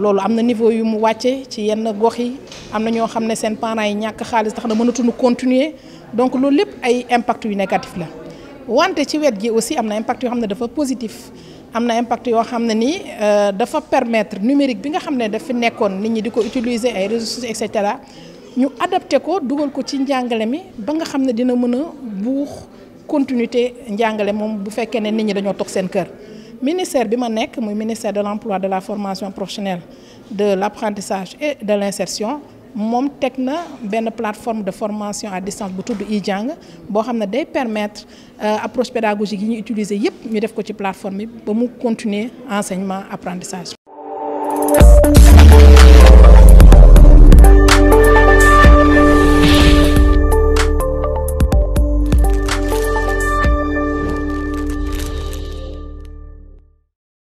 Nous avons niveau yu mu ci yenn gox yi de s'en parents yi ñak xaliss tax na continuer donc nous lepp ay impact négatif la aussi un impact positif. dafa positif amna impact yo euh, dafa permettre numérique bi nga dafa utiliser ay ressources, etc. Nous ñu ko ko ci mi ba nga dina mëna continuité bu ministère ministère de l'Emploi, de la formation professionnelle de l'Apprentissage et de l'Insertion une tekna plateforme de formation à distance bu permet d'utiliser pour permettre euh, approche pédagogique yi ñu utiliser yépp ñu plateforme continuer enseignement apprentissage.